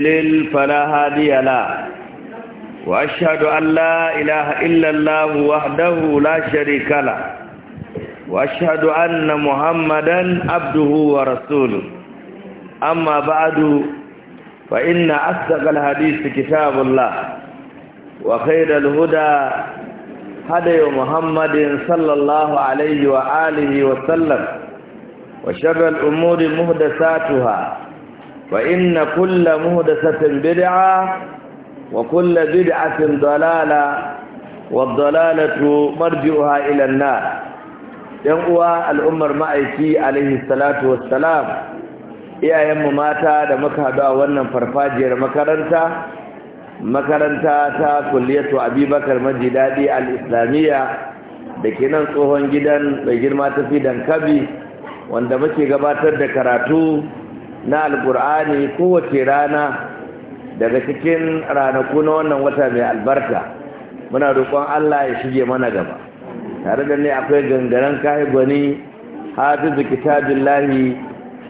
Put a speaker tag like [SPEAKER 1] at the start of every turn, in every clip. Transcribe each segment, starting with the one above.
[SPEAKER 1] لل فلا هادي له وأشهد أن لا إله إلا الله وحده لا شريك له وأشهد أن محمدا عبده ورسوله أما بعد فإن أصدق الحديث كتاب الله وخير الهدى هدي محمد صلى الله عليه وآله وسلم وشر الأمور مهدساتها فإن كل مهدسة بدعة وكل بدعة ضلالة والضلالة مرجعها إلى النار ينقوى الأمر مأيكي عليه الصلاة والسلام iyayenmu mata da muka haɗu a wannan farfajiyar makaranta makaranta ta kulliyatu abubakar majidadi al-islamiyya da ke nan tsohon gidan mai girma tafi dankabi wanda muke gabatar da karatu na alkur'ani kowace rana daga cikin ranaku na wannan wata mai albarka muna roƙon Allah ya shige mana gaba tare da ne akwai gangaren kai gwani hafizu kitabillahi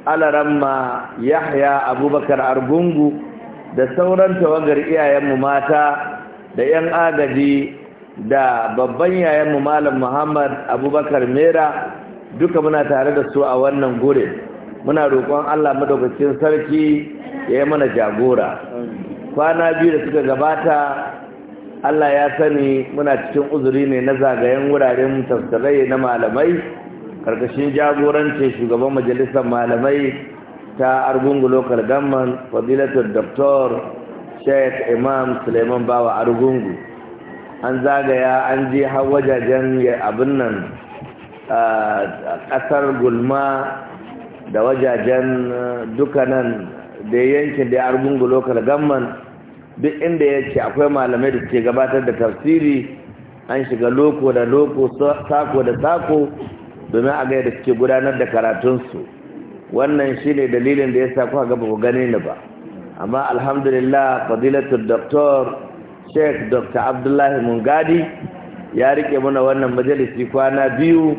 [SPEAKER 1] alaramma yahya abubakar argungu da sauran tawagar iyayenmu mata da 'yan agaji da babban mu malam muhammad abubakar mera duka muna tare da su a wannan gure muna roƙon Allah madaukakin sarki ya yi mana jagora kwana biyu da suka gabata Allah ya sani muna cikin uzuri ne na zagayen wuraren tafsirai na malamai karkashin jagorancin shugaban majalisar malamai ta argungu local government fadilatul doctor sheikh imam suleiman bawa argungu an zagaya an je har wajajen abin nan a ƙasar gulma da wajajen eh, dukanan da yankin da ya argungu lokal gamman duk inda ya ce akwai malamai da ke gabatar da tafsiri an shiga loko da loko sako da sako domin a gaya da suke gudanar da karatunsu wannan shi ne dalilin da ya sa kuka gaba ku gani ne ba amma alhamdulillah fadilatul doktor sheikh dr abdullahi mungadi ya rike mana wannan majalisi kwana biyu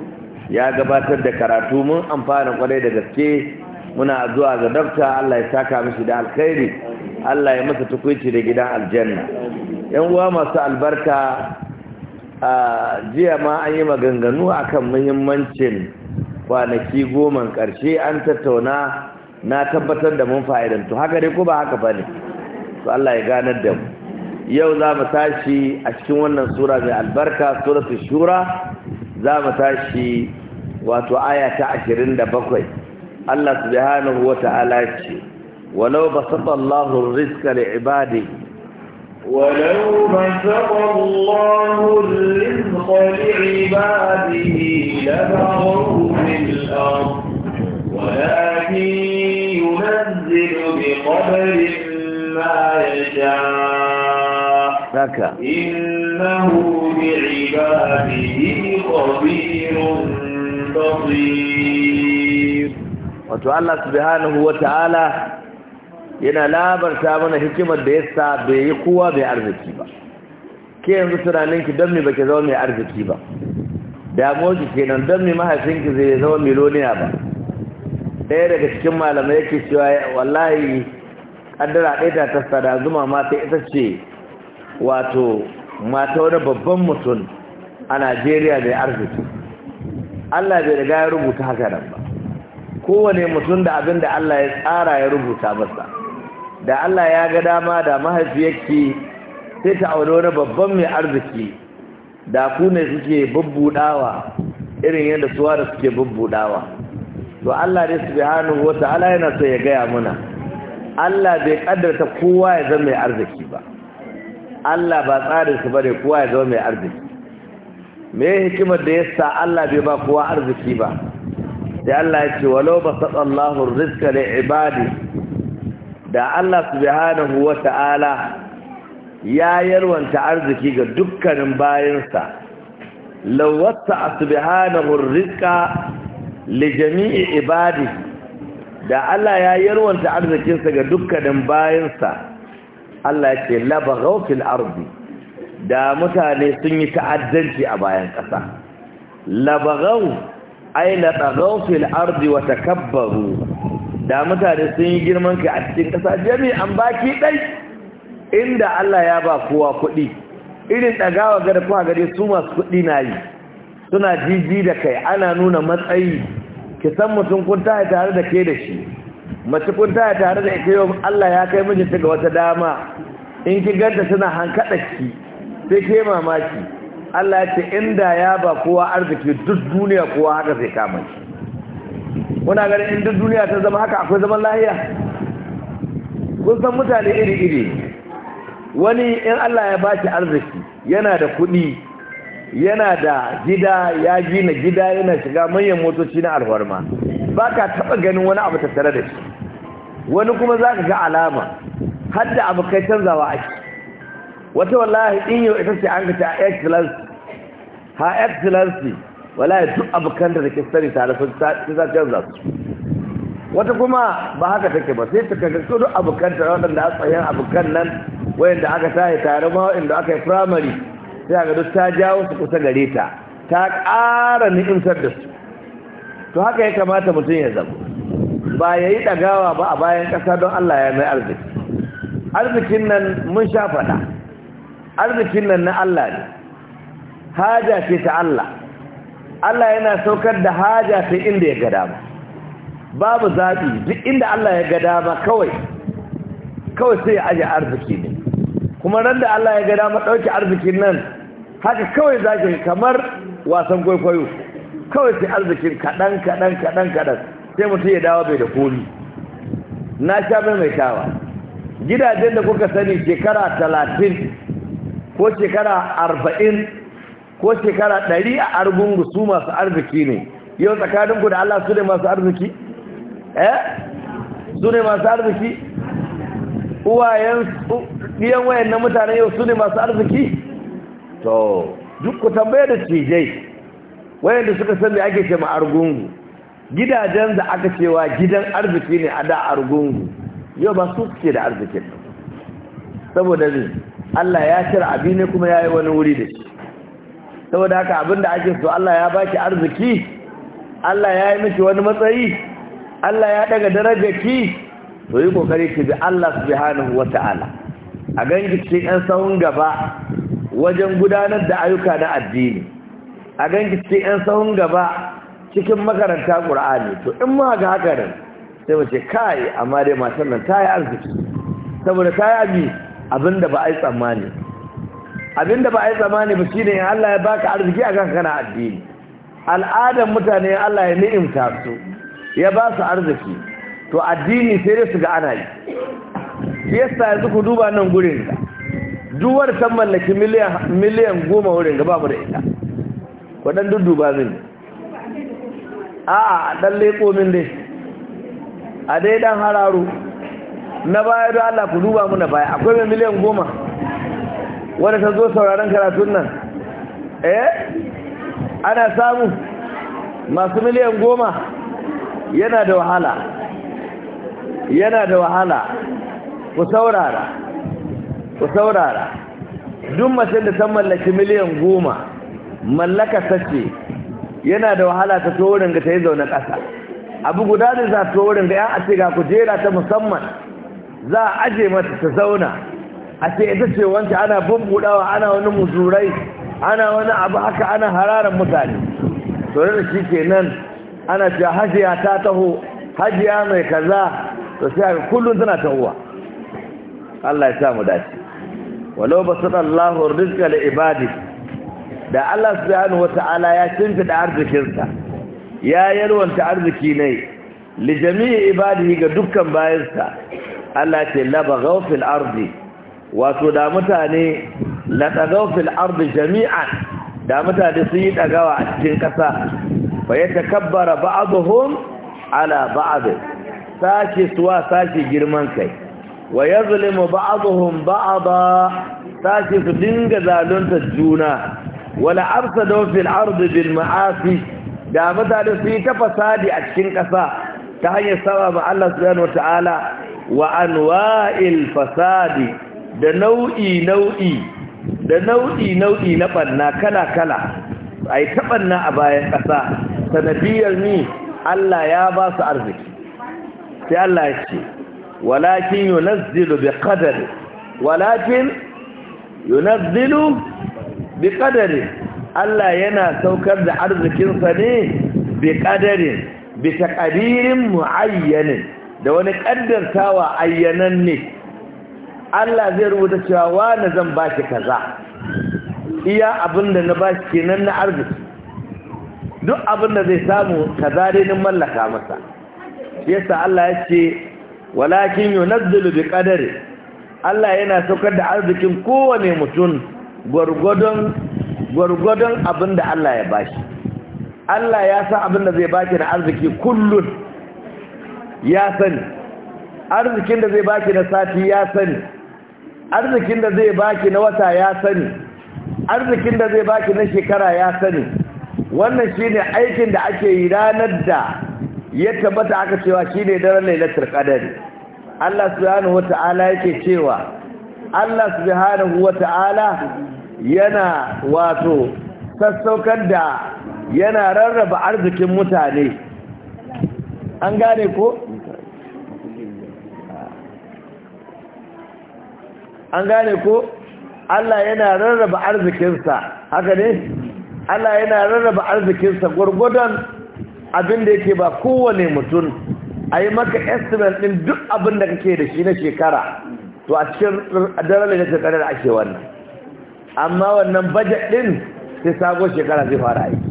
[SPEAKER 1] ya gabatar da karatu mun amfana kwarai da gaske muna zuwa ga dafta Allah ya saka mishi da alkhairi Allah ya masa tukunci da gidan aljanna yan uwa masu albarka a jiya ma an yi maganganu akan muhimmancin kwanaki goma karshe an tattauna na tabbatar da mun fa'idantu haka dai ko ba haka ba ne to Allah ya ganar da mu yau za mu tashi a cikin wannan sura mai albarka suratul shura za tashi wato aya ta 27 Allah subhanahu wata'ala ce walau basata Allahu rizqa li ibadi walau basata Allahu rizqa li ibadihi labaghu fil ard walakin yunzilu bi qadarin ma yasha haka innahu bi'ibadihi khabirun basir wato Allah subhanahu wata'ala yana labarta mana hikimar da yasa bai yi kowa bai arziki ba ke yanzu tunaninki don me baki zama mai arziki ba damuwarki kenan don me mahaifinki zai zama miloniya ba ɗaya daga cikin malamai yake cewa wallahi ƙaddara ɗaya ta tasta da zuma ma sai ita ce wato mata wani babban mutum a najeriya mai arziki allah bai riga ya rubuta haka nan ba kowane mutum da abin da allah ya tsara ya rubuta masa da allah ya ga dama da mahaifiyarki sai ta aure wani babban mai arziki da ku ne suke bubbudawa irin yadda suwa da suke bubbudawa to allah dai su wata ala yana so ya gaya muna allah bai ƙaddarta kowa ya zama mai arziki ba Allah ba tsarin su bane kowa ya zama mai arziki me hikimar da yasa Allah bai ba kowa arziki ba sai Allah ya ce walau basata Allahu rizqa li ibadi da Allah subhanahu wata'ala ya yarwanta arziki ga dukkanin bayansa lawata subhanahu rizqa li jami'i ibadi da Allah ya yarwanta arzikinsa ga dukkanin bayansa Allah ya ce labaghaw fil ardi da mutane sun yi ta'addanci a bayan ƙasa Labarau, ay labaghaw fil ardi wa takabbaru da mutane sun yi girman kai a cikin ƙasa jami'an baki dai inda Allah ya ba kowa kuɗi irin dagawa da kowa gare su masu kuɗi na yi suna jiji da kai ana nuna matsayi ki san mutum kun tare da ke da shi mace kun taya tare da ita yau Allah ya kai mijinta ga wata dama in ki ganta suna hankada ki sai ke mamaki Allah ya ce inda ya ba kowa arziki duk duniya kowa haka zai kama shi muna ganin in duk duniya ta zama haka akwai zaman lahiya kun san mutane iri-iri wani in Allah ya ba shi arziki yana da kuɗi yana da gida ya gina gida yana shiga manyan motoci na alfarma ba ka taɓa ganin wani abu tattare da shi wani kuma za ka ga alama har da abu kai canzawa ake wata wallahi in yau ita ce an ka a excellence ha excellence wallahi duk abokan da take sani tare sun ta canza su wata kuma ba haka take ba sai ta kaga su duk abokan tare waɗanda a tsayen abokan nan wayanda aka tashi tare ma wayanda aka yi primary sai ga duk ta jawo su kusa gare ta ta ƙara ni'imtar da su to haka ya kamata mutum ya zama ba ya yi ɗagawa ba a bayan ƙasa don Allah ya mai arziki arzikin nan mun sha faɗa arzikin nan na Allah ne haja ce ta Allah Allah yana saukar da haja ta inda ya gada ba babu zaɓi duk inda Allah ya gada ba kawai kawai sai ya aje arziki ne kuma ran da Allah ya gada ma ɗauki arzikin nan haka kawai za kamar wasan kwaikwayo kawai sai arzikin kaɗan kaɗan kaɗan kaɗan sai mutum ya dawo bai da komi na sha maimaitawa gidajen da kuka sani shekara talatin ko shekara arba'in ko shekara ɗari a argungu su masu arziki ne yau tsakaninku da Allah su ne masu arziki? eh su ne masu arziki? uwayen ɗiyan wayan na mutane yau su ne masu arziki? to duk ku tambaye da cijai wayanda suka san ake ce ma argungu gidajen da aka cewa gidan arziki ne a da argungu yau ba su suke da arzikin saboda ne Allah ya cire abi ne kuma ya yi wani wuri da shi saboda haka abin da ake so Allah ya baki arziki Allah ya yi miki wani matsayi Allah ya daga darajar ki to yi kokari ki bi Allah subhanahu Ta'ala. a gan cikin ɗan sahun gaba wajen gudanar da ayyuka na addini a gan cikin ɗan sahun gaba cikin makaranta ƙur'ani to in ma ga haka nan sai mace kai amma dai matan nan ta yi arziki saboda ta yi abi abinda ba a yi tsammani abinda ba a yi tsammani ba shine in Allah ya baka arziki a kanka na addini al'adar mutane Allah ya ni'imta su ya ba su arziki to addini sai dai su ga ana
[SPEAKER 2] yi
[SPEAKER 1] yasa yanzu ku duba nan gurin da duwar ta mallaki miliyan goma wurin da mu da ita waɗanda duba zai a'a a ɗan leƙo min dai a dai ɗan hararo na baya don Allah ku duba mu na baya akwai mai miliyan goma wadda ta zo sauraron karatun nan eh ana samu masu miliyan goma yana da wahala yana da wahala ku saurara ku saurara duk mace da ta mallaki miliyan goma mallaka ta yana da wahala ta wurin ga ta yi zaune ƙasa abu guda da za ta wurin ga yan a ga kujera ta musamman za a aje mata ta zauna a ce ita ce wancan ana bambudawa ana wani muzurai ana wani abu haka ana hararar mutane to da shi kenan ana ce hajiya ta taho hajiya mai kaza to sai a kullum tana tahowa Allah ya sa mu dace walau ɗan Allahu rizka da ibadi da Allah subhanahu wata'ala ya da arzikinsa ya yalwanta arziki ne li jami'i ibadihi ga dukkan bayansa Allah ce labaghaw fil ardi wato da mutane la tagaw fil ardi jami'an da mutane sun yi dagawa a cikin kasa fa yatakabbara ba'dhum ala ba'd sake suwa sake girman kai wa yazlimu ba'dhum ba'da sake su dinga zalunta juna wala arsalu fil ardi bil ma'asi da mutane su yi ta fasadi a cikin ƙasa ta hanyar sababa Allah subhanahu wataala wa anwa'il fasadi da nau'i nau'i da nau'i nau'i na banna kala kala ai ta banna a bayan ƙasa sanadiyar ni Allah ya ba su arziki sai Allah ya ce walakin yunazzilu bi qadari walakin yunazzilu bi Allah yana saukar da arzikinsa ne bi qadarin bi taqdirin muayyanin da wani kaddartawa ayyanan ne Allah zai rubuta cewa wani zan baki kaza iya abinda na bashi kenan na arziki duk abinda zai samu kaza dai nin mallaka masa yasa Allah ya ce walakin yunzilu bi qadari Allah yana saukar da arzikin kowane mutum gwargwadon gwargwadon abin da Allah ya bashi Allah ya san abin da zai baki na arziki kullun ya sani arzikin da zai baki na sati ya sani arzikin da zai baki na wata ya sani arzikin da zai baki na shekara ya sani wannan shine aikin da ake yi ranar da ya tabbata aka cewa shine daren lailatul qadari Allah subhanahu wataala yake cewa Allah subhanahu ta'ala yana wato sassaukar da yana rarraba arzikin mutane an gane ko an gane ko Allah yana rarraba arzikinsa haka ne Allah yana rarraba arzikinsa gurgudan abin da yake ba kowane mutum a yi maka estimate ɗin duk abin da kake da shi na shekara to a cikin da shekara da ake wannan amma wannan budget din sai sago shekara zai fara aiki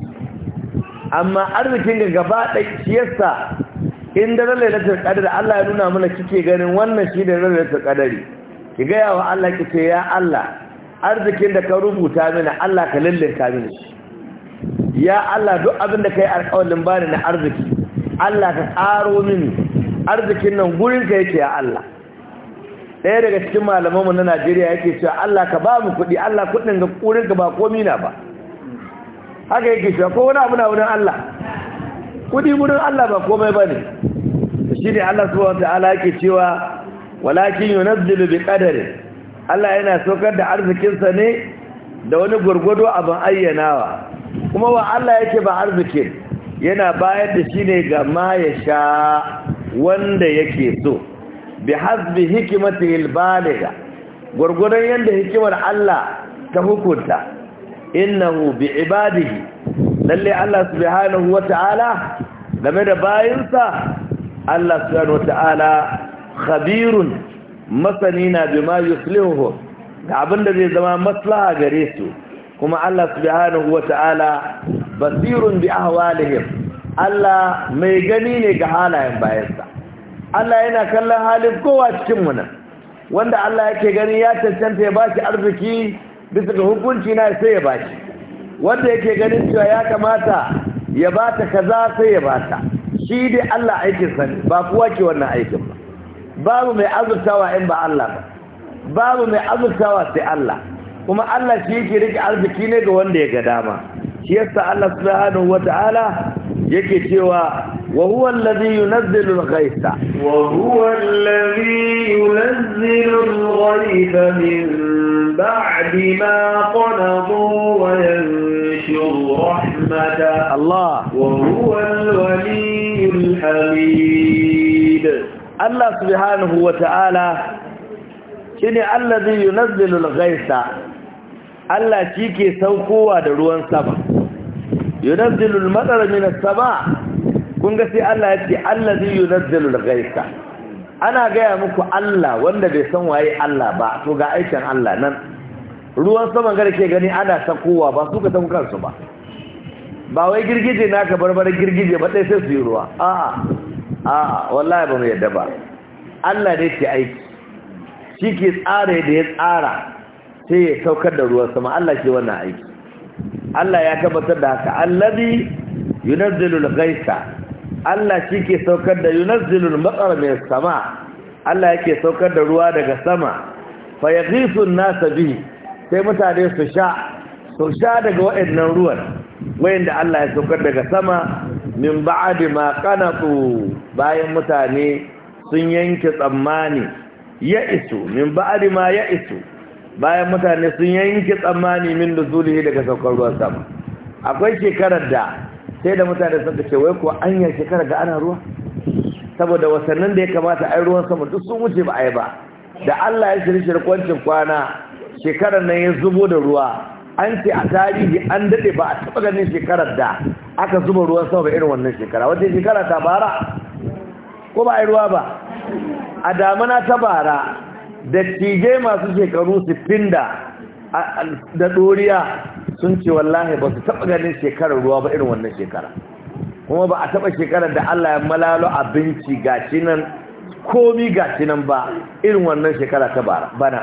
[SPEAKER 1] amma arzikin gaba da kiyasta in da daren da qadar Allah ya nuna mana kike ganin wannan shi da daren da kadari ki ga yawa Allah kike ya Allah arzikin da ka rubuta mana Allah ka lallinka mini ya Allah duk abin da kai alƙawarin bani na arziki Allah ka tsaro mini arzikin nan gurin ka yake ya Allah ɗaya daga cikin malamanmu na najeriya yake cewa allah ka ba mu kuɗi allah kuɗin ga ƙurin ka ba komi na ba haka yake cewa ko wani abu na wurin allah kuɗi wurin allah ba komai ba ne shi ne allah subhanahu ta'ala yake cewa walakin yunazzilu bi qadari allah yana saukar da arzikinsa ne da wani gurgudu abin ayyanawa kuma wa allah yake ba arzikin yana bayar da shi ne ga ma ya sha wanda yake so bi hasbi hikimati albaliga gurgurdan yanda hikimar Allah ta hukunta innahu bi ibadihi lalle Allah subhanahu wataala game da bayinsa Allah subhanahu wataala khabirun masanina bima yuslihu da abinda zai zama maslaha gare su kuma Allah subhanahu wataala basirun bi ahwalihim Allah mai gani ne ga halayen bayansa Allah yana kallon halin kowa cikin mu nan wanda Allah yake gani ya tantance ya bashi arziki bisa ga hukunci na sai ya bashi wanda yake ganin cewa ya kamata ya bata kaza sai ya bata shi dai Allah aikin sani ba kowa ke wannan aikin ba babu mai azurtawa in ba Allah ba babu mai azurtawa sai Allah kuma Allah shi yake rike arziki ne ga wanda ya ga dama shi yasa Allah subhanahu wataala yake cewa wa huwa allazi yunazzilu al-ghaytha wa huwa allazi yunazzilu al-ghaytha min ba'di ma qanadu wa yanshuru rahmata Allah wa huwa al-waliyyul hamid Allah subhanahu wa ta'ala shine allazi yunazzilu al-ghaytha Allah shi ke saukowa da ruwan sama yunazzilul matsara minas sama kun ga sai Allah ya ce allazi yunazzilul ghaitha ana gaya muku Allah wanda bai san waye Allah ba to ga aikin Allah nan ruwan sama gare ke gani ana sakowa ba su ka san kansu ba ba wai girgije naka barbarar girgije ba dai sai su yi ruwa a'a a'a wallahi ba mu yadda ba Allah ne ke aiki shi ke tsara da ya tsara sai ya saukar da ruwan sama Allah ke wannan aiki Allah ya tabbatar da haka allazi yunazzilul ghaitha Allah ke saukar da yunazzilul matar min sama Allah yake saukar da ruwa daga sama fa yaghisu an-nasa bi sai mutane su sha su sha daga wayannan ruwan wayanda Allah ya saukar daga sama min ba'di ma qanatu bayan mutane sun yanke tsammani ya isu min ba'di ma ya isu bayan mutane sun yanke tsammani min da zulihi daga saukar ruwan sama akwai shekarar da sai da mutane sun ce wai ko an yi shekarar da ana ruwa saboda wasannin da ya kamata a yi ruwan sama duk sun wuce ba a yi ba da Allah ya shirye shirkwancin kwana shekarar nan ya zubo da ruwa an ce a tarihi an daɗe ba a taɓa ganin shekarar da aka zuba ruwan sama ba irin wannan shekara wata shekara ta bara ko ba a yi ruwa ba a damana ta bara dattijai masu shekaru su da da doriya sun ce wallahi ba su taɓa ganin shekarar ruwa ba irin wannan shekara kuma ba a taɓa shekarar da Allah ya malalo abinci gashi nan komi gashi nan ba irin wannan shekara ta bana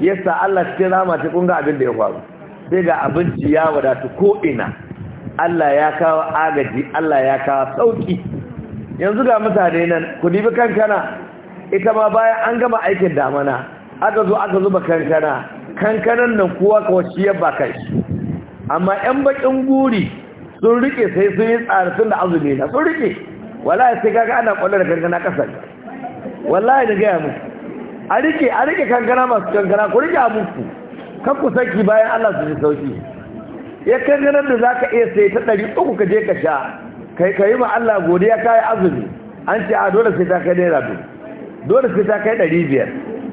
[SPEAKER 1] yasa Allah cikin rama ta kunga abin da ya faru sai ga abinci ya wadatu ko ina Allah ya kawo agaji Allah ya kawo sauki yanzu ga mutane nan ku dibi kankana ita ma bayan an gama aikin damana aka zo aka zuba kankana kankanan nan shi ya baka kai amma 'yan bakin guri sun rike sai sun yi sun da azumi na sun rike wallahi sai kaga ana kwallo da kankana kasa wallahi da gaya muku a rike a rike kankana masu kankana ku rike muku kan ku sarki bayan allah su ji sauki ya kankanar da za ka iya sai ta ɗari uku ka je ka sha kai ka yi ma allah godiya ka yi azumi an ce a dole sai ta kai naira biyu dole sai ta kai ɗari biyar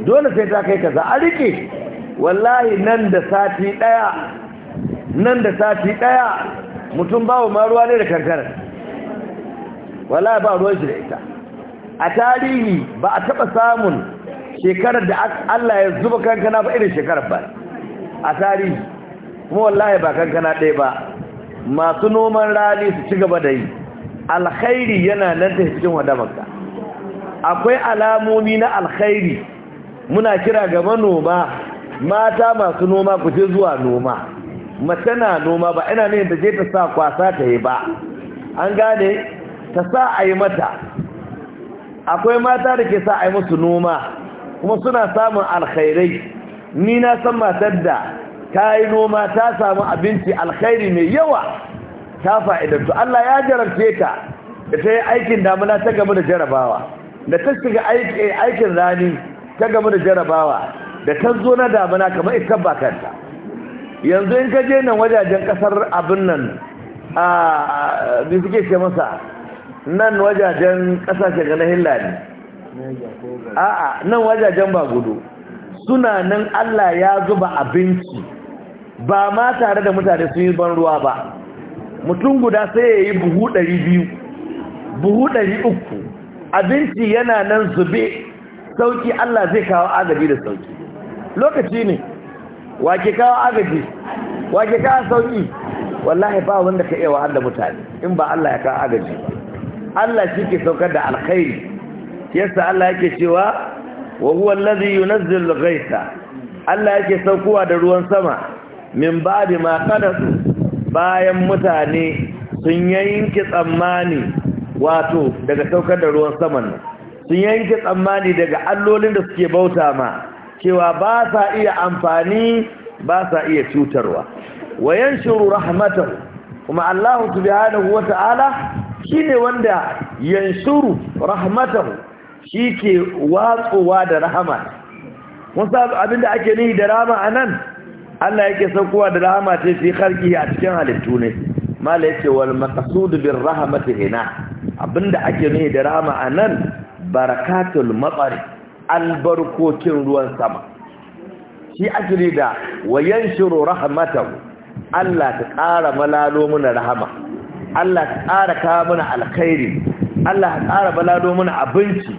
[SPEAKER 1] dole sai ta kai kaza a rike wallahi nan da sati ɗaya nan da sati ɗaya mutum bawa ma ruwa ne da kankara wallahi ba ruwan shi da ita a tarihi ba a taɓa samun shekarar da Allah ya zuba kankana ba irin shekarar ba a tarihi kuma wallahi ba kankana ɗaya ba masu noman rani su ci gaba da yi alkhairi yana nan ta cikin wadamarka akwai alamomi na alkhairi muna kira ga manoma mata masu noma ku je zuwa noma mace na noma ba ina ne da je ta sa kwasa ta yi ba an gane ta sa a yi mata akwai mata da ke sa a yi musu noma kuma suna samun alkhairai ni na san matar da ta yi noma ta samu abinci alkhairi mai yawa ta fa'idantu Allah ya jarabce ta da ta yi aikin damuna ta gaba da jarabawa da ta shiga aikin rani ta gama da jarabawa da ta zo na damuna kamar ita ba kanta yanzu in ka je nan wajajen kasar abin nan a bi suke ce masa nan wajajen kasashen ganin hillani a'a nan wajajen ba gudu suna nan Allah ya zuba abinci ba ma tare da mutane sun yi ban ruwa ba mutum guda sai ya yi buhu ɗari biyu buhu ɗari uku abinci yana nan zube sauki Allah zai kawo agaji da sauki lokaci ne wake kawo agaji wake kawo sauki wallahi ba wanda ka iya da mutane in ba Allah ya kawo agaji Allah shi ke saukar da alkhairi yasa Allah yake cewa wa huwa allazi yunazzilu ghaitha Allah yake saukowa da ruwan sama min ba'di ma qadasu bayan mutane sun yanke tsammani wato daga saukar da ruwan saman sun yanke tsammani daga allolin da suke bauta ma cewa ba sa iya amfani ba sa iya cutarwa wayan shuru rahmatahu kuma Allah subhanahu wata'ala shine wanda yanshuru rahmatahu ke watsowa da rahama musa abinda ake nihi da rahama anan Allah yake saukowa da rahama ce fi karki a cikin halittu ne mala yake wal maqsud bir rahmatu hina abinda ake nufi da rama a nan barakatul matsari albarkokin ruwan sama shi ake da wayan shiru rahamatahu Allah ta ƙara malalo muna rahama Allah ta ƙara kawo muna alkhairi Allah ta ƙara malalo muna abinci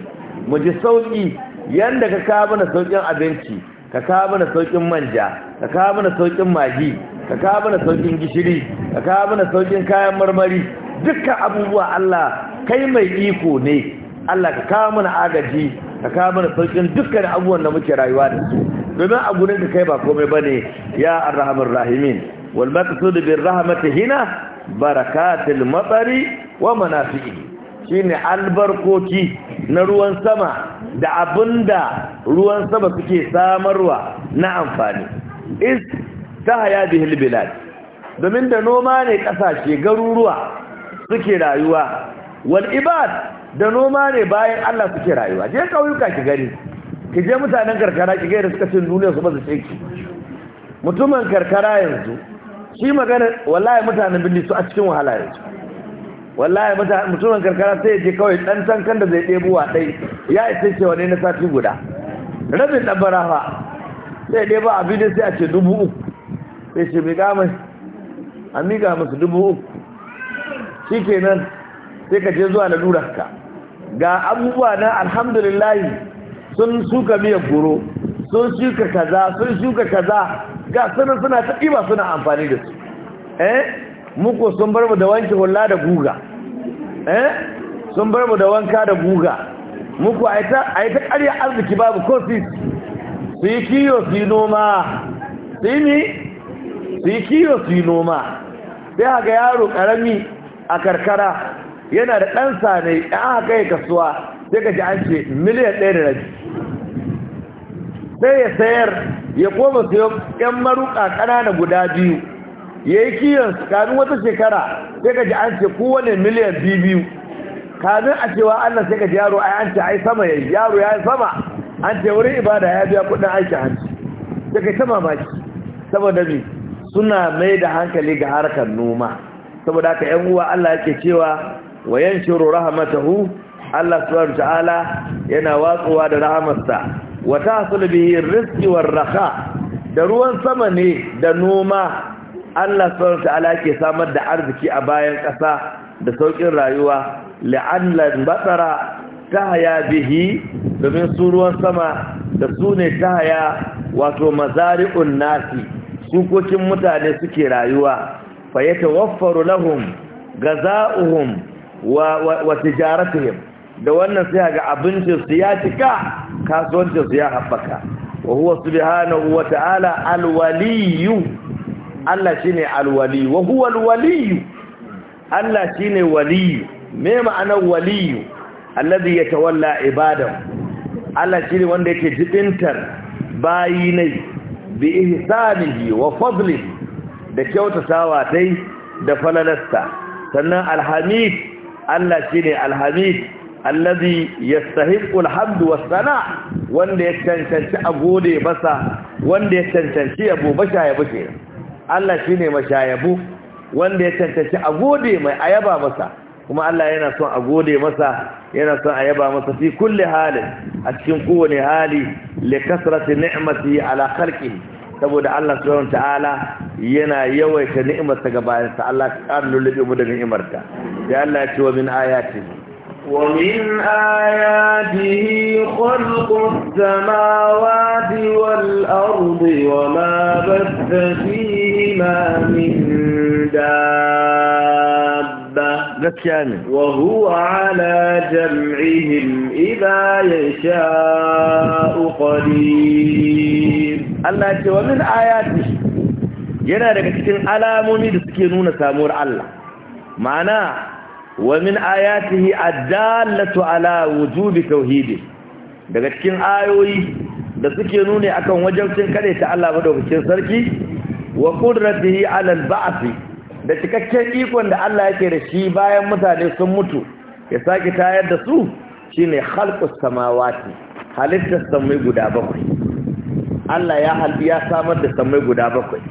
[SPEAKER 1] mu ji sauƙi yanda ka kawo mana sauƙin abinci ka kawo mana sauƙin manja ka kawo mana sauƙin magi ka kawo mana sauƙin gishiri ka kawo mana sauƙin kayan marmari dukkan abubuwa Allah kai mai iko ne Allah ka kawo mana agaji ka kawo mana saukin dukkan abubuwan da muke rayuwa da su domin a gurin ka kai ba komai bane ya arhamar rahimin wal maqsud bir rahmati hina barakatul matari wa manafi'i shine albarkoki na ruwan sama da abinda ruwan sama suke samarwa na amfani is ta haya bihil bilad domin da noma ne kasashe garuruwa suke rayuwa wal ibad da noma ne bayan Allah suke rayuwa je kauyuka ki gani ki je mutanen karkara ki gani suka cin duniya su ba su sheki mutumin karkara yanzu shi magana wallahi mutanen birni su a cikin wahala yanzu wallahi mutumin karkara sai je kawai dan tankan da zai wa ɗai ya isa cewa ne na sati guda rabin ɗan barafa sai dai ba abin da sai a ce dubu uku sai ce ga mai a miƙa masu dubu uku shi kenan sai ka je zuwa lalurarka ga abubuwa na alhamdulillahi sun suka miya goro sun shuka kaza sun shuka kaza ga sunan suna ta ɗiba suna amfani da su eh muku sun bar mu da wanke hula da guga eh sun bar mu da wanka da guga muku a yi ta ƙarya arziki babu ko su yi kiyo su yi noma su yi ni su yi kiyo su yi noma sai haka yaro ƙarami a karkara yana da ɗan sane in aka kai kasuwa sai ka ji an ce miliyan ɗaya da rabi sai ya sayar ya koma sayo ƴan maruƙa ƙanana guda biyu ya yi kiyon kamin wata shekara sai ka ji an ce kowane miliyan biyu biyu kamin a cewa allah sai ka ji yaro ai an ce ai sama ya yaro ya yi sama an ce wurin ibada ya biya kuɗin aiki hanci sai ka ta mamaki saboda me suna mai da hankali ga harkar noma saboda haka yan uwa Allah yake cewa wa shiru rahmatahu Allah subhanahu ta'ala yana watsuwa da rahamarsa Wata tahsul bihi rizqi da ruwan sama ne da noma Allah subhanahu ta'ala ke samar da arziki a bayan ƙasa da saukin rayuwa la'anlan batara tahaya bihi domin su ruwan sama da su ne haya wato mazari'un nasi shukokin mutane suke rayuwa fa yatawaffaru lahum gaza'uhum wa tijaratihim da wannan sai ga abincin su ya cika kasuwancin su ya haɓaka wa huwa subhanahu wa ta'ala alwaliyu Allah shine alwali wa huwa alwaliyu Allah shine waliyu me ma'anar waliyu alladhi yatawalla ibadahu Allah shine wanda yake jibintar bayi ne bi ihsanihi wa fadlihi da kyautatawa dai da falalasta sannan alhamid Allah shine alhamid allazi yastahiqul hamdu wassana wanda ya cancanci a gode masa wanda ya cancanci yabo basha yabo ke Allah shine mashayabu wanda ya cancanci a gode mai ayaba masa kuma Allah yana son a gode masa yana son a yaba masa fi kulli halin a cikin kowane hali li kasrati ni'mati ala khalqihi saboda Allah subhanahu ta'ala yana yawaita ni'imarsa ga bayansa Allah ya ƙara lullube mu da ni'imarta da Allah ce wa ayati wa min ayatihi khalqu samawati wal ardi gaskiya ne wa huwa ala jam'ihim idha yasha qadir ayati yana daga cikin alamomi da suke nuna samuwar Allah mana. wa min ayatihi addallatu ala wujubi tauhidi daga cikin ayoyi da suke nuni akan wajabcin kare ta Allah madaukakin sarki wa qudratihi ala al-ba'th da cikakken ikon da Allah yake da shi bayan mutane sun mutu ya saki tayar da su shine khalqus samawati Halitta samai guda bakwai Allah ya halbi ya samar da samai guda bakwai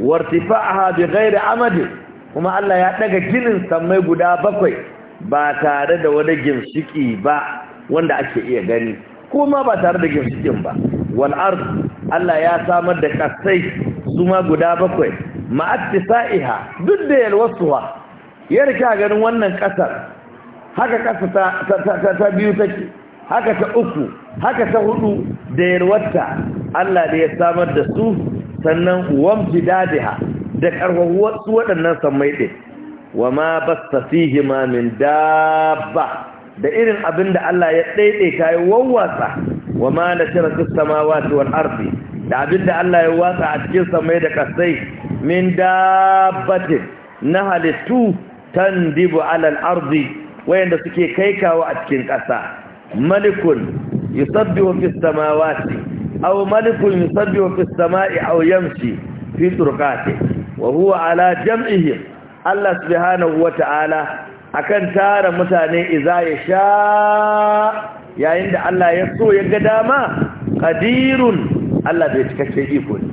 [SPEAKER 1] wartifa'aha bi amadi kuma Allah ya daga ginin sammai guda bakwai ba tare da wani ginshiki ba wanda ake iya gani kuma ba tare da ginshikin ba Wal'ar Allah ya samar da kasai suma guda bakwai sa'iha duk da yalwasuwa ya rika ganin wannan kasar haka kasa ta ta biyu take haka ta uku haka ta hudu da yalwata Allah da ya samar da su sannan dadiha da karwahuwar wasu waɗannan sammai ɗin wa ma ba fihi min dabba da irin abin da Allah ya ɗaiɗe ka yi wawwatsa wa ma na shirar su samawati wani da abin da Allah ya wasa a cikin samai da kasai min dabbatin na halittu dibu alal arzi wayanda suke kai kawo a cikin ƙasa malikun yusabbihu fis samawati au malikun yusabbihu sama'i a yamshi fi turqati wa ala jam'ihim Allah subhanahu wata'ala akan tara mutane ya sha, yayin da Allah ya so ya ga dama ƙadirun Allah bai cikakke iko ne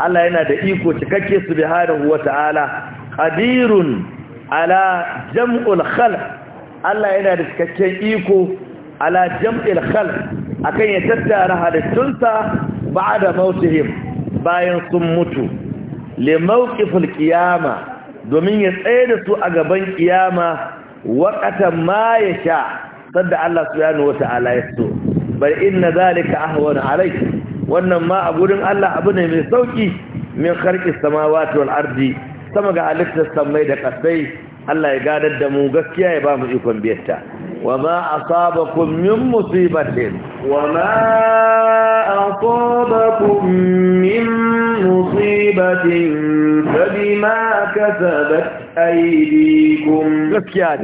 [SPEAKER 1] Allah yana da iko cikakke subhanahu wata'ala qadirun ala jam'ul khalq Allah yana da cikakken iko ala jam'il khalq akan ya tattara halittunsa da mautihim bayan sun mutu le mawqifil qiyama domin ya tsaye da su a gaban kiyama waqatan ma yasha sadda Allah subhanahu wata'ala ya so bal inna zalika ahwan alai wannan ma a gurin Allah abu ne mai sauki min kharqis samawati wal ardi sama ga halittar samai da kasai Allah ya gadar da mu gaskiya ya ba mu ikon biyarta وما أصابكم من مصيبة وما أصابكم من مصيبة فبما كسبت أيديكم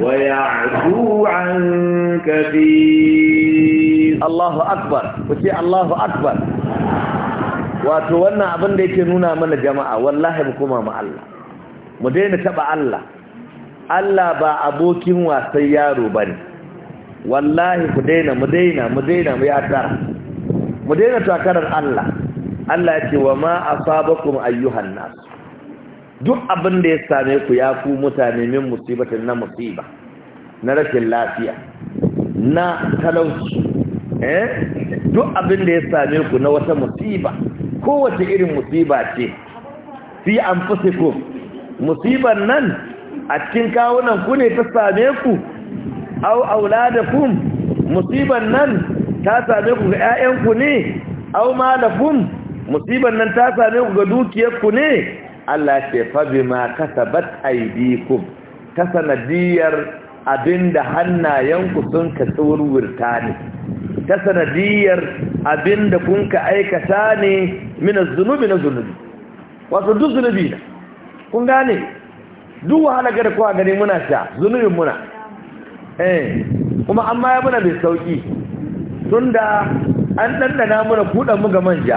[SPEAKER 1] ويعفو عن كثير الله أكبر وشيء الله أكبر wato wannan abin da yake nuna mana jama'a wallahi mu koma mu Allah mu daina taɓa Allah Allah ba abokin wasan yaro bane wallahi ku daina mu daina mu daina mu yatar mu daina takarar Allah Allah ya ce wa ma asabakum ayyuhan nas duk abin da ya same ku ya ku mutane min musibatin na musiba na rashin lafiya na talauci eh duk abin da ya same ku na wata musiba kowace irin musiba ce fi anfusikum musibar nan a cikin kawunan ku ne ta same ku au auladakum musiban nan ta same ku ga ƴaƴanku ne au malakum musiban nan ta same ku ga dukiyarku ne Allah ce fa bima kasabat aydikum ta sanadiyar abinda hannayenku sun ka tsawurwurta ne ta sanadiyar abinda kun ka aikata ne min az-zunubi na zunubi wato duk zunubi kun gane duk wahala ga da kowa gare muna sha zunubin muna eh kuma amma ya muna mai sauki da an ɗanɗana muna kudan mu ga manja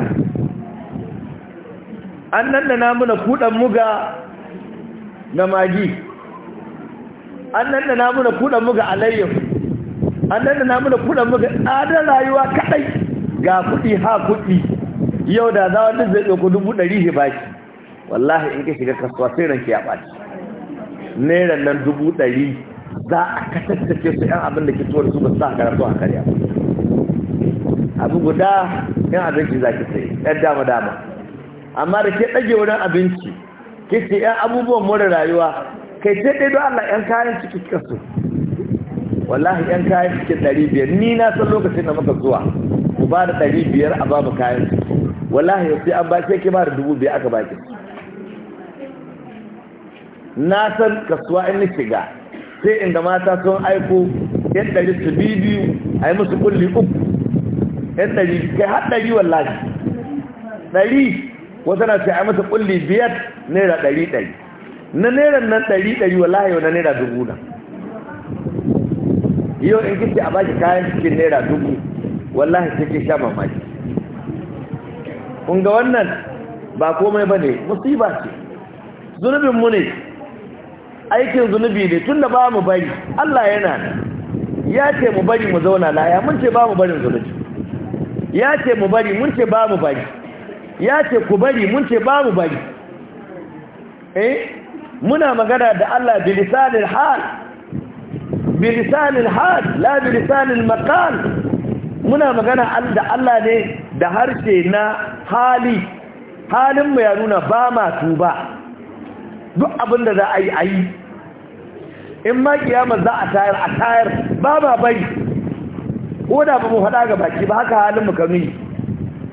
[SPEAKER 1] an ɗanɗana muna kudan mu ga magi an ɗanɗana muna kudan mu ga alayyahu an ɗanɗana muna kudan mu ga tsadar rayuwa kaɗai, ga kuɗi ha kuɗi, yau da za wani zai ɗauko dubu ɗari shi shi wallahi in ka shiga kasuwa sai ranki ya ɓaci naira nan dubu ɗari za a kasance su yan abin da ke tuwar su ba a karatu a karya abu guda yan abinci za ki sai yan dama dama amma da ke ɗage wurin abinci ke ce yan abubuwan more rayuwa kai ce ɗai don Allah yan kayan ciki kasu wallahi yan kayan cikin ɗari biyar ni na san lokacin da muka zuwa ku ba da ɗari biyar a babu kayan ciki wallahi yau sai an ba sai ke ba da dubu biyar aka ba ki. na san kasuwa in ni shiga sai inda mata sun aiko yan ɗari su biyu a yi musu ƙulli uku yan ɗari kai har ɗari wallahi ɗari wata na sai a yi musu ƙulli biyar naira ɗari ɗari na naira nan ɗari ɗari wallahi yau na naira dubu na yau in kici a baki kayan cikin naira dubu wallahi sai ke sha mamaki kun ga wannan ba komai ba ne musiba ce zunubin mu ne aikin zunubi ne tunda ba mu bari Allah yana ya ce mu bari mu zauna laya mun ce ba mu barin zunubi ya ce mu bari mun ce ba mu bari ya ce ku bari mun ce ba mu bari eh muna magana da Allah bi lisanil hal bi lisanil hal la bi lisanil maqal muna magana da Allah ne da harshe na hali halin mu ya nuna ba ma tuba duk abinda za a yi a yi in ma kiyama za a tayar a tayar ba ba bai ko da ba mu faɗa ga baki ba haka halin mu kanu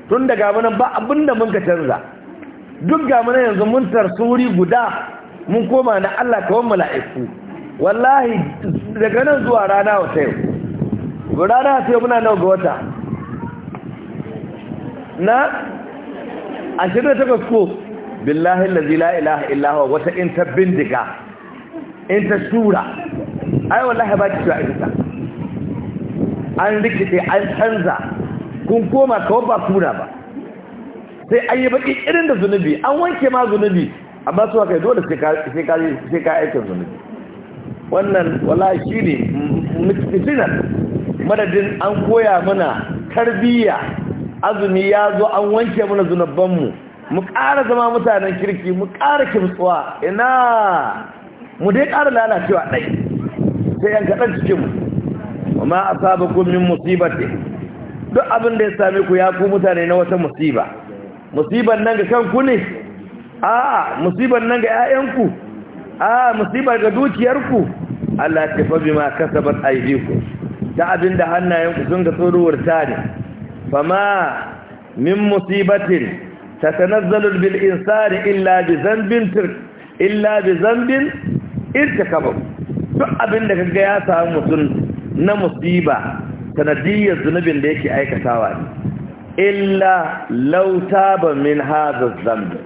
[SPEAKER 1] tun daga nan ba abinda mun ka canza duk ga nan yanzu mun tarsuri guda mun koma na Allah kawai mala'iku wallahi daga nan zuwa rana wata yau rana sai muna nau ga wata na ta ko billahi allazi la ilaha illa huwa wata in tabbindika in ta shura ai wallahi ba ki shura ita an rikice an canza kun koma kawai ba kuna ba sai an yi baki irin da zunubi an wanke ma zunubi amma su kai dole sai ka aikin zunubi wannan wala shi ne mutfitinan madadin an koya mana tarbiyya azumi ya zo an wanke mana zunubanmu mu ƙara zama mutanen kirki mu ƙara kimtsuwa ina mu dai ƙara lalacewa ɗai sai yan kaɗan cikinmu ma a saba kumin musibar ne duk abin da ya sami ku ya ku mutane na wata musiba musibar nan ga kanku ne a'a musibar nan ga 'ya'yanku a'a musibar ga dukiyarku Allah ta fa ma kasabar aydikum ta abin da hannayenku sun ga tsoruwar ta ne ma min musibatin tatanazzalu bil insani illa bi dhanbin illa bi zambin? irka kaba duk abin da kaga ya samu mutum na musiba sanadiyyar zunubin da yake aikatawa ne illa lauta ba min haza zambi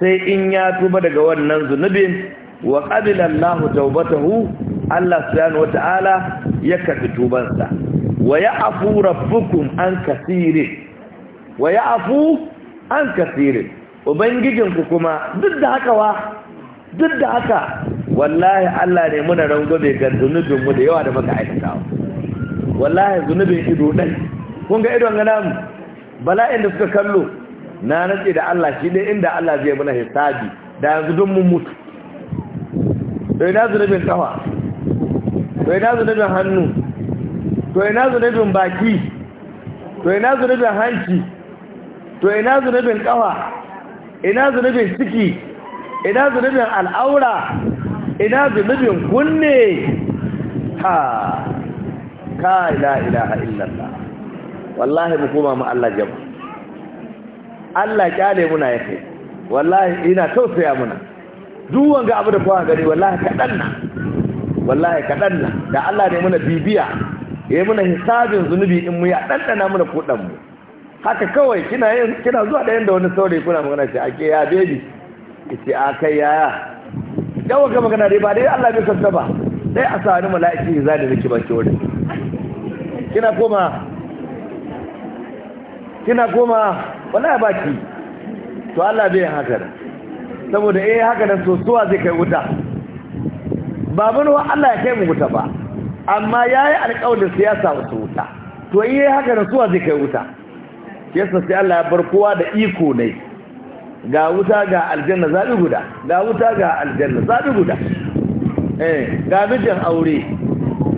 [SPEAKER 1] sai in ya tuba daga wannan zunubin wa qabila Allahu tawbatahu Allah subhanahu wata'ala ya tuban tubansa wa ya'fu rabbukum an kasirin? wa ya'fu an kaseerin ubangijinku kuma duk da haka wa duk da haka wallahi Allah ne muna rangwame ga zunubin mu da yawa da muka aikata wallahi zunubin ido dai kun ga idon gana mu bala'in da suka kallo na nace da Allah shi dai inda Allah zai muna hisabi da yanzu dun mun mutu to ina zunubin kafa to ina zunubin hannu to ina zunubin baki to ina zunubin hanci to ina zunubin kafa ina zunubin ciki ina zunubin al'aura ina zunubin kunne ha ka ila ilaha illallah wallahi mu koma mu Allah jabu. Allah kyale muna yake wallahi ina tausaya muna duk wanga abu da kowa gari wallahi kadan na wallahi kadan na da Allah ne muna bibiya yayi muna hisabin zunubi din mu ya dandana muna kudan mu haka kawai kina kina zuwa da yanda wani saurayi kuna magana ce ake ya baby ce a kai yaya dan ga magana dai ba dai Allah bai san ba dai a sani mala'iki za da miki baki wurin kina koma kina koma wallahi baki to Allah bai haka saboda eh haka nan suwa zai kai wuta ba mun wa Allah ya kai mu wuta ba amma yayi alƙawarin siyasa wasu wuta to eh haka nan suwa zai kai wuta yasa sai Allah ya bar kowa da iko ne ga wuta ga aljanna zaɓi guda ga wuta ga aljanna zaɓi guda eh, ga mijin aure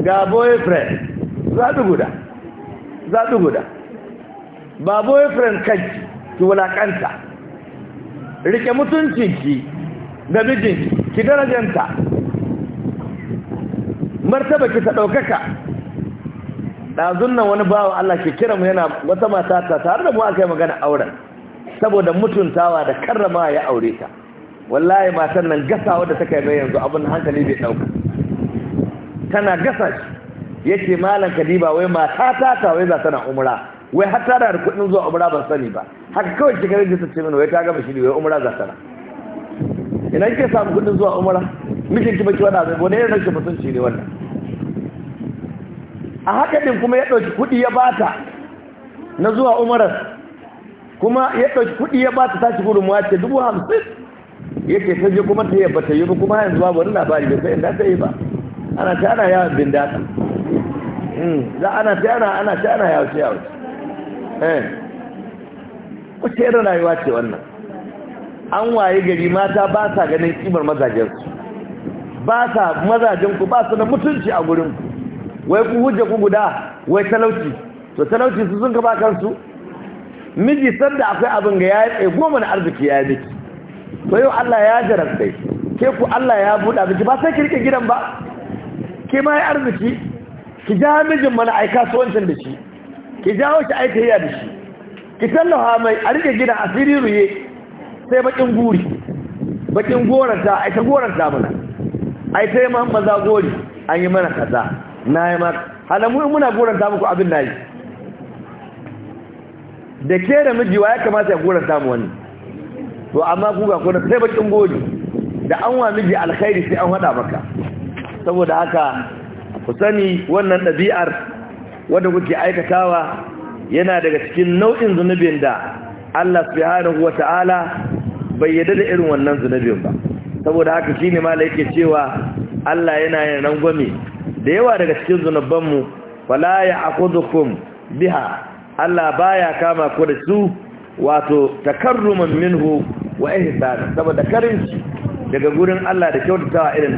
[SPEAKER 1] ga boyfriend zaɓi guda zaɓi guda ba boyfriend kai ki wulaƙanta rike mutuncinki ga mijinki ki darajanta martaba ki ta ɗaukaka ɗazun nan wani bawa Allah ke kira mu yana wata mata ta tare da mu aka yi magana auren saboda mutuntawa da karrama ya aure ta wallahi matan nan gasa wadda take mai yanzu abin hankali bai dauka tana gasa shi Yake malam kadiba wai mata ta ta wai za ta na umra wai har ta da kudin zuwa umra ban sani ba haka kawai kika rage ta ce min wai ta gaba shi wai umra za ta na ina kike samu kudin zuwa umra mijin ki baki wani zai ne irin rashin mutunci ne wannan a haka din kuma ya dauki kudi ya bata na zuwa umrar kuma ya ɗauki kuɗi ya ba ta tashi gudunmuwa ce dubu hamsin ya ce ta je kuma ta yi ta yi ba kuma yanzu babu wani labari da sai inda ta yi ba ana ta ana yawon bin daɗa hmm, za ana ta ana ana ta ana yawon ciyawa eh wace irin rayuwa ce wannan an waye gari mata ba sa ganin kimar mazajensu ba sa mazajenku ba su da mutunci a ku. wai ku hujja ku guda wai talauci to talauci su sun gaba kansu miji sanda akwai abin ga ya tsaye goma na arziki ya yi to yau Allah ya jarabta ke ku Allah ya buɗe abinci ba sai ki rike gidan ba ke ma ya arziki ki ja mijin mana ai wancan da shi ki jawo shi aika hiya da shi ki tallafa mai a rike gidan asiri ruye sai bakin guri bakin goranta ai ta goranta mana ai sai yi maza gori an yi mana kaza na yi maka halamu muna goranta muku abin na yi da ke da mijiwa ya kamata ya kura samu wani to amma kuka kuna sai bakin godi da an wa miji alkhairi sai an hada maka saboda haka ku sani wannan ɗabi'ar wanda kuke aikatawa yana daga cikin nau'in zunubin da Allah subhanahu wata'ala bai yarda da irin wannan zunubin ba saboda haka shine mala yake cewa Allah yana yin rangwame da yawa daga cikin zunubanmu wala ya'khudhukum biha Allah baya kama ku da su wato takarruman minhu wa ihsan saboda karinci daga gurin Allah da kyautatawa irin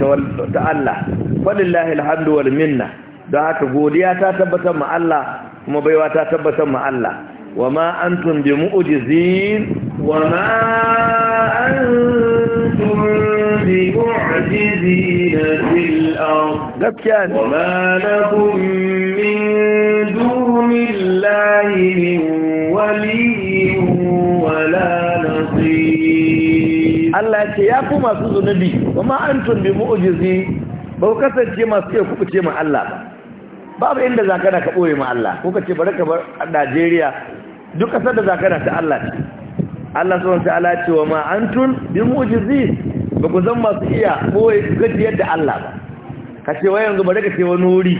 [SPEAKER 1] ta Allah walillahi alhamdu wal minna don haka godiya ta tabbatar ma Allah kuma baiwa ta tabbatar ma Allah wa ma antum bi mu'jizin wa ma antum bi mu'jizin fil ard gaskiya wa ma lakum min الله من ولي ولا نصير الله يا كما ذنبي وما انتم بمعجزين ba ku kasance masu iya kuka ma Allah ba babu inda za kana ka ɓoye ma Allah kuka ce bari ka bar Najeriya duk ƙasar da za kana ta Allah ce Allah sun ta ala ce wa ma antun bi mu'jizi ba ku zan masu iya ɓoye gajiyar da Allah ba ka ce wai yanzu bari ka ce wani wuri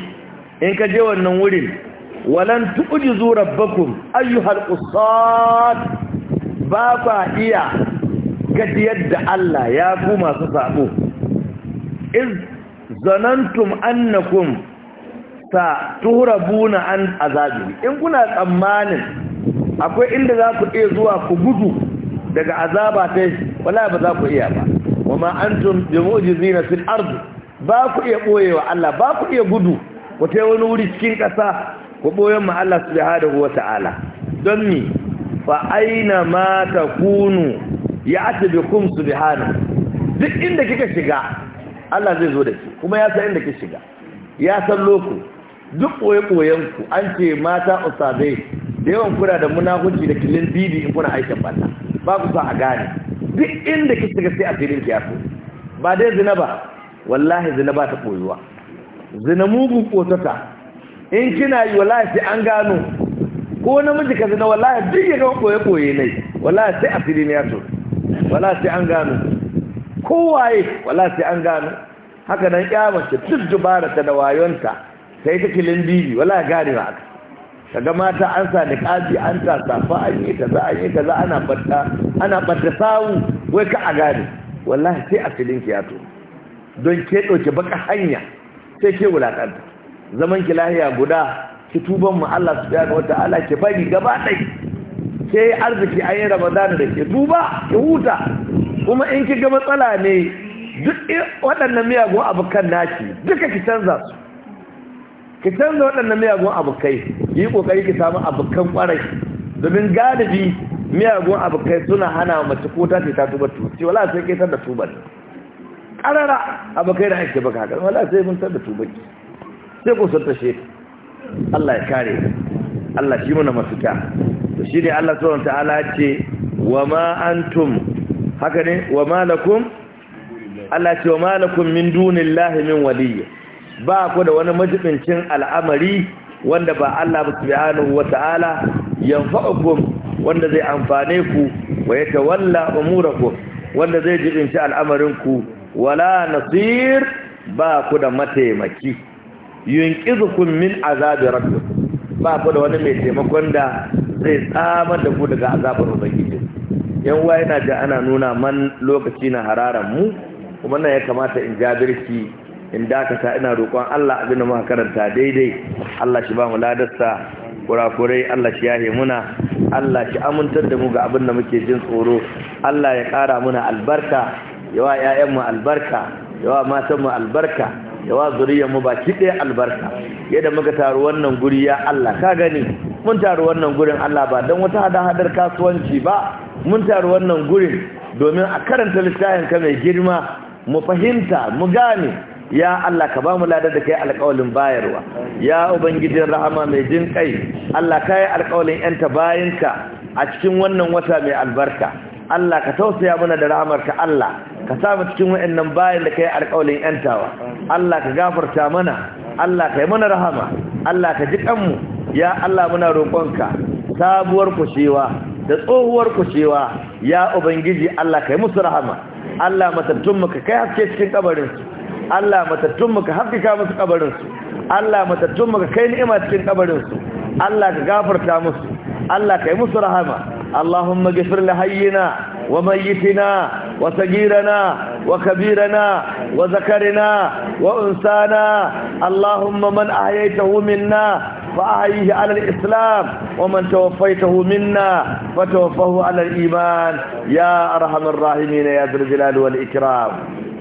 [SPEAKER 1] in ka je wannan wurin walan tu'jizu rabbakum ayyuhal qusat ba ba iya gadiyar da Allah ya ku masu sabo iz zanantum annakum ta buna an azabi in kuna tsammanin akwai inda za ku iya zuwa ku gudu daga azaba ta wala ba za ku iya ba wama antum zina fil ard ba ku iya boyewa Allah ba ku iya gudu wata wani wuri cikin ƙasa goboyen mu Allah subhanahu wa ta'ala don mi fa aina ma takunu ya'ti bikum subhanahu duk inda kika shiga Allah zai zo da ki kuma ya san inda kika shiga ya san loku duk koye ku an ce mata usabe da yawan kuna da munafunci da kilin bibi in kuna aikin fata. ba ku sa a gane duk inda kika shiga sai a filin ki yaso ba dai zina ba wallahi zina ba ta koyuwa zina mugun kotata in kina yi wallahi sai an gano ko namiji ka zina wallahi duk ya gama koye koye ne wallahi sai fili ne ya to wallahi sai an gano kowaye wallahi sai an gano haka nan kyamace duk dubara ta da wayonta sai ta kilin bibi wallahi gari ba aka kaga mata an sa da kaji an sa safa an yi za an yi za ana batta ana batta sawu wai ka a gane wallahi sai filin ki ya to don ke ɗauke baka hanya sai ke wulakanta zaman ki lahiya guda ki tuban mu Allah subhanahu wataala ki bari gaba dai sai arziki ayi Ramadan da ke tuba ki huta kuma in ki ga matsala ne duk waɗannan miyagun abukan naki duka ki canza su ki canza waɗannan miyagun abukai yi kokari ki samu abukan kwarai domin galibi miyagun abukai suna hana mace ko ta ce ta tuba tuba ce wala sai kai tar da tuba ne karara abukai da ake baka haka wala sai mun tar da tuba ki sai ku sun tashe Allah ya kare Allah shi mana mafita to shi ne Allah subhanahu ta'ala ce wa ma antum haka ne wa ma lakum Allah ce wa ma lakum min dunillahi min waliyyi ba ku da wani majibincin al'amari wanda ba Allah subhanahu wata'ala yanfa'ukum wanda zai amfane ku wa yatawalla umurakum wanda zai jibinci ku, wala nasir ba ku da mataimaki yunqizukum min azabi rabbikum ba ku da wani mai taimakon da zai tsamar da ku daga azabar ubangiji yan uwa yana da ana nuna man lokaci na hararan mu kuma nan ya kamata in jabirki in dakata ina roƙon Allah abin da muka karanta daidai Allah shi ba mu ladarsa kurakurai Allah shi yahe muna Allah shi amintar da mu ga abin da muke jin tsoro Allah ya ƙara muna albarka yawa mu albarka yawa mu albarka da wa zuriyar mu baki ɗaya albarka yadda muka taru wannan guri ya Allah ka gani mun taru wannan gurin Allah ba don wata hada-hadar kasuwanci ba mun taru wannan gurin domin a karanta littafin ka mai girma mu fahimta mu gane ya Allah ka ba mu da kai alƙawalin bayarwa ya ubangijin rahama mai jin kai Allah ka yi alƙawalin yanta bayanka a cikin wannan wata mai albarka Allah ka tausaya mana da rahamarka Allah ka sa mu cikin waɗannan bayan da kai alƙawalin yantawa Allah ka gafarta mana Allah ka yi mana rahama Allah ka ji kanmu ya Allah muna roƙonka sabuwar kushewa da tsohuwar kushewa ya ubangiji Allah ka yi musu rahama Allah matattunmu ka kai haske cikin su Allah matattunmu ka haskaka musu su Allah matattunmu ka kai ni'ima cikin su Allah ka gafarta musu Allah ka yi musu rahama اللهم اغفر لحينا وميتنا وصغيرنا وكبيرنا وذكرنا وانثانا اللهم من احييته منا فأحيه على الإسلام ومن توفيته منا فتوفه على الإيمان يا أرحم الراحمين يا ذا الجلال والإكرام